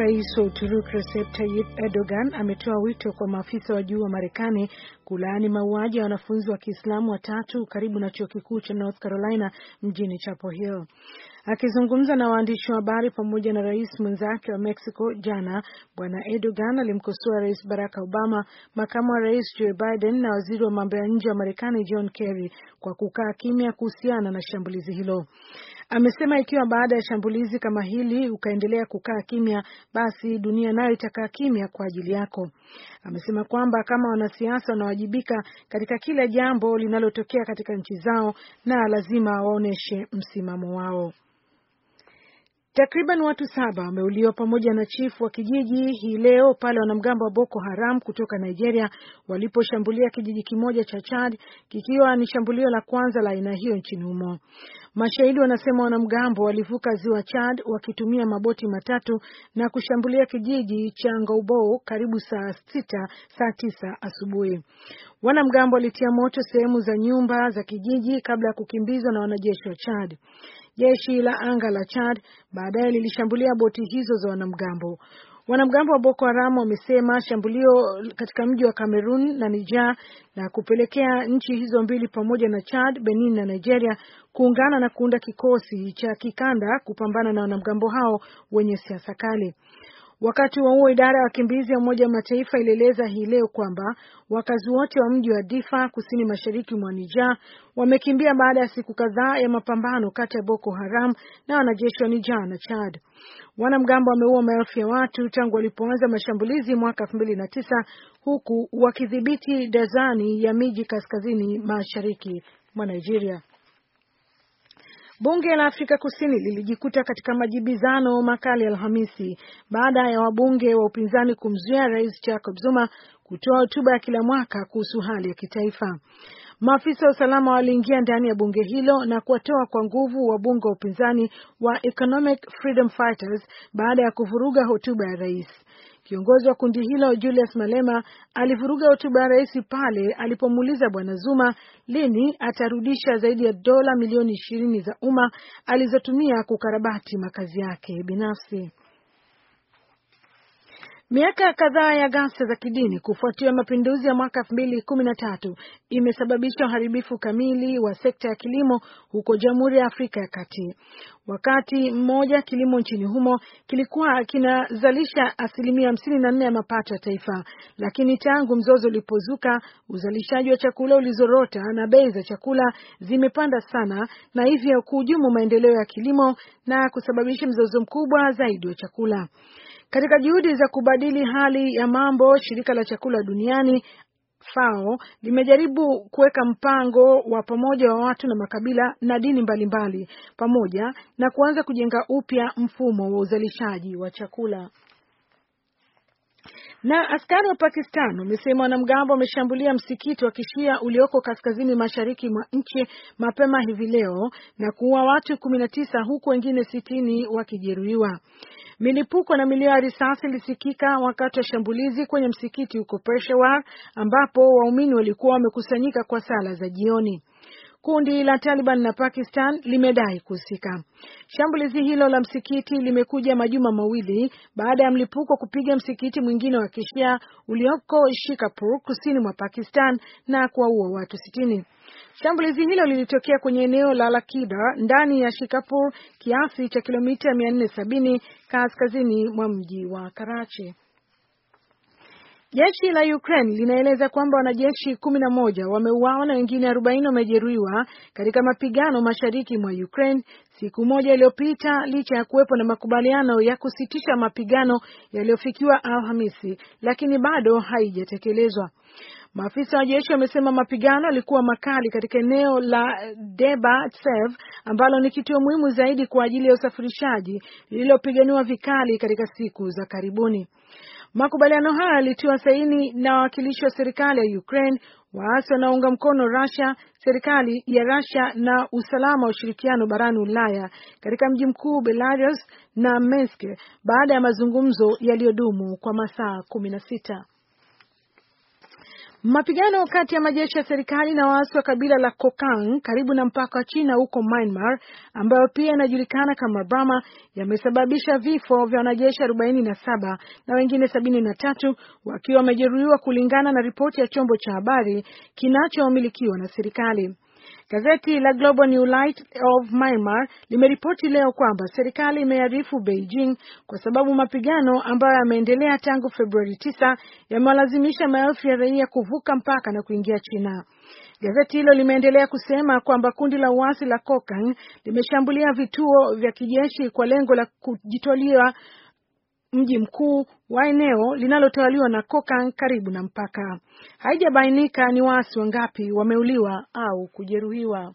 Rais wa Uturuki Recep Tayyip Erdogan ametoa wito kwa maafisa wa juu wa Marekani kulaani mauaji ya wanafunzi wa Kiislamu watatu karibu na chuo kikuu cha North Carolina mjini Chapel Hill. Akizungumza na waandishi wa habari pamoja na rais mwenzake wa Mexico jana, Bwana Erdogan alimkosoa Rais Barack Obama, makamu wa rais Joe Biden na waziri wa mambo ya nje wa Marekani John Kerry kwa kukaa kimya kuhusiana na shambulizi hilo. Amesema ikiwa baada ya shambulizi kama hili ukaendelea kukaa kimya, basi dunia nayo itakaa kimya kwa ajili yako. Amesema kwamba kama wanasiasa wanawajibika katika kila jambo linalotokea katika nchi zao, na lazima waoneshe msimamo wao. Takriban watu saba wameuliwa pamoja na chifu wa kijiji hii leo pale wanamgambo wa Boko Haram kutoka Nigeria waliposhambulia kijiji kimoja cha Chad, kikiwa ni shambulio la kwanza la aina hiyo nchini humo. Mashahidi wanasema wanamgambo walivuka ziwa Chad wakitumia maboti matatu na kushambulia kijiji cha ngobo karibu saa sita, saa tisa asubuhi. Wanamgambo walitia moto sehemu za nyumba za kijiji kabla ya kukimbizwa na wanajeshi wa Chad. Jeshi la anga la Chad baadaye lilishambulia boti hizo za wanamgambo. Wanamgambo wa Boko Haram wamesema shambulio katika mji wa Cameroon na Niger na kupelekea nchi hizo mbili pamoja na Chad, Benin na Nigeria kuungana na kuunda kikosi cha kikanda kupambana na wanamgambo hao wenye siasa kali. Wakati wa huo, idara ya wakimbizi ya Umoja wa Mataifa ilieleza hii leo kwamba wakazi wote wa mji wa Difa kusini mashariki mwa nija wamekimbia baada ya siku kadhaa ya mapambano kati ya Boko Haram na wanajeshi wa nija na Chad. Wanamgambo wameua maelfu ya watu tangu walipoanza mashambulizi mwaka tisa huku wakidhibiti dazani ya miji kaskazini mashariki mwa Nigeria. Bunge la Afrika Kusini lilijikuta katika majibizano makali Alhamisi baada ya wabunge wa upinzani kumzuia Rais Jacob Zuma kutoa hotuba ya kila mwaka kuhusu hali ya kitaifa. Maafisa wa usalama waliingia ndani ya bunge hilo na kuwatoa kwa nguvu wabunge wa upinzani wa Economic Freedom Fighters baada ya kuvuruga hotuba ya rais. Kiongozi wa kundi hilo Julius Malema alivuruga hotuba ya rais pale alipomuuliza Bwana Zuma lini atarudisha zaidi ya dola milioni ishirini za umma alizotumia kukarabati makazi yake binafsi. Miaka kadhaa ya ghasia za kidini kufuatia mapinduzi ya mwaka elfu mbili kumi na tatu imesababisha uharibifu kamili wa sekta ya kilimo huko Jamhuri ya Afrika ya Kati. Wakati mmoja kilimo nchini humo kilikuwa kinazalisha asilimia hamsini na nne ya mapato ya taifa, lakini tangu mzozo ulipozuka uzalishaji wa chakula ulizorota na bei za chakula zimepanda sana, na hivyo kuhujumu maendeleo ya kilimo na kusababisha mzozo mkubwa zaidi wa chakula. Katika juhudi za kubadili hali ya mambo, shirika la chakula duniani FAO limejaribu kuweka mpango wa pamoja wa watu na makabila na dini mbalimbali mbali, pamoja na kuanza kujenga upya mfumo wa uzalishaji wa chakula. Na askari wa Pakistan wamesema wanamgambo wameshambulia msikiti wa Kishia ulioko kaskazini mashariki mwa nchi mapema hivi leo na kuua watu 19 huku wengine sitini wakijeruhiwa. Milipuko na milio ya risasi ilisikika wakati wa shambulizi kwenye msikiti huko Peshawar ambapo waumini walikuwa wamekusanyika kwa sala za jioni. Kundi la Taliban na Pakistan limedai kuhusika. Shambulizi hilo la msikiti limekuja majuma mawili baada ya mlipuko kupiga msikiti mwingine wa Kishia ulioko Shikapur kusini mwa Pakistan na kuwaua watu sitini. Shambulizi hilo lilitokea kwenye eneo la Lakida ndani ya Shikapur kiasi cha kilomita 470 kaskazini mwa mji wa Karachi. Jeshi la Ukraine linaeleza kwamba wanajeshi kumi na moja wameuawa na wengine arobaini wamejeruhiwa katika mapigano mashariki mwa Ukraine siku moja iliyopita licha ya kuwepo na makubaliano ya kusitisha mapigano yaliyofikiwa Alhamisi, lakini bado haijatekelezwa. Maafisa wa jeshi wamesema mapigano yalikuwa makali katika eneo la Debaltseve ambalo ni kituo muhimu zaidi kwa ajili ya usafirishaji lililopiganiwa vikali katika siku za karibuni. Makubaliano haya yalitiwa saini na wawakilishi wa serikali ya Ukraine, waasi wanaounga mkono Russia, serikali ya Russia na usalama wa ushirikiano barani Ulaya katika mji mkuu Belarus na Minsk baada ya mazungumzo yaliyodumu kwa masaa kumi na sita. Mapigano kati ya majeshi ya serikali na waasi wa kabila la Kokang karibu na mpaka wa China huko Myanmar, ambayo pia yanajulikana kama Burma, yamesababisha vifo vya wanajeshi 47 na wengine 73 wakiwa wamejeruhiwa, kulingana na ripoti ya chombo cha habari kinachomilikiwa na serikali. Gazeti la Global New Light of Myanmar limeripoti leo kwamba serikali imearifu Beijing kwa sababu mapigano ambayo yameendelea tangu Februari 9 yamewalazimisha maelfu ya raia kuvuka mpaka na kuingia China. Gazeti hilo limeendelea kusema kwamba kundi la uasi la Kokang limeshambulia vituo vya kijeshi kwa lengo la kujitolia mji mkuu wa eneo linalotawaliwa na Kokan karibu na mpaka. Haijabainika ni waasi wangapi wameuliwa au kujeruhiwa.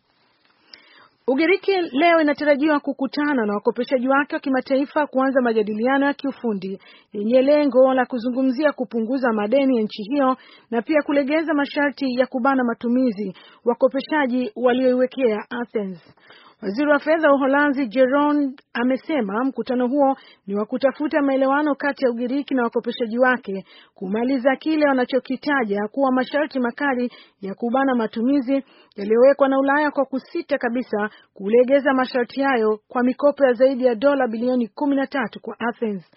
Ugiriki leo inatarajiwa kukutana na wakopeshaji wake wa kimataifa kuanza majadiliano ya kiufundi yenye lengo la kuzungumzia kupunguza madeni ya nchi hiyo na pia kulegeza masharti ya kubana matumizi wakopeshaji walioiwekea Athens. Waziri wa fedha wa Uholanzi Jeroen amesema mkutano huo ni wa kutafuta maelewano kati ya Ugiriki na wakopeshaji wake kumaliza kile wanachokitaja kuwa masharti makali ya kubana matumizi yaliyowekwa na Ulaya kwa kusita kabisa kulegeza masharti hayo kwa mikopo ya zaidi ya dola bilioni kumi na tatu kwa Athens.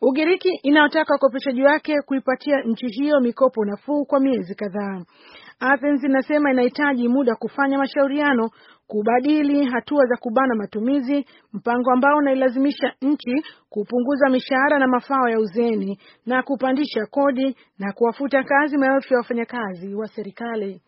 Ugiriki inayotaka wakopeshaji wake kuipatia nchi hiyo mikopo nafuu kwa miezi kadhaa. Athens inasema inahitaji muda kufanya mashauriano kubadili hatua za kubana matumizi, mpango ambao unailazimisha nchi kupunguza mishahara na mafao ya uzeni na kupandisha kodi na kuwafuta kazi maelfu ya wafanyakazi wa serikali.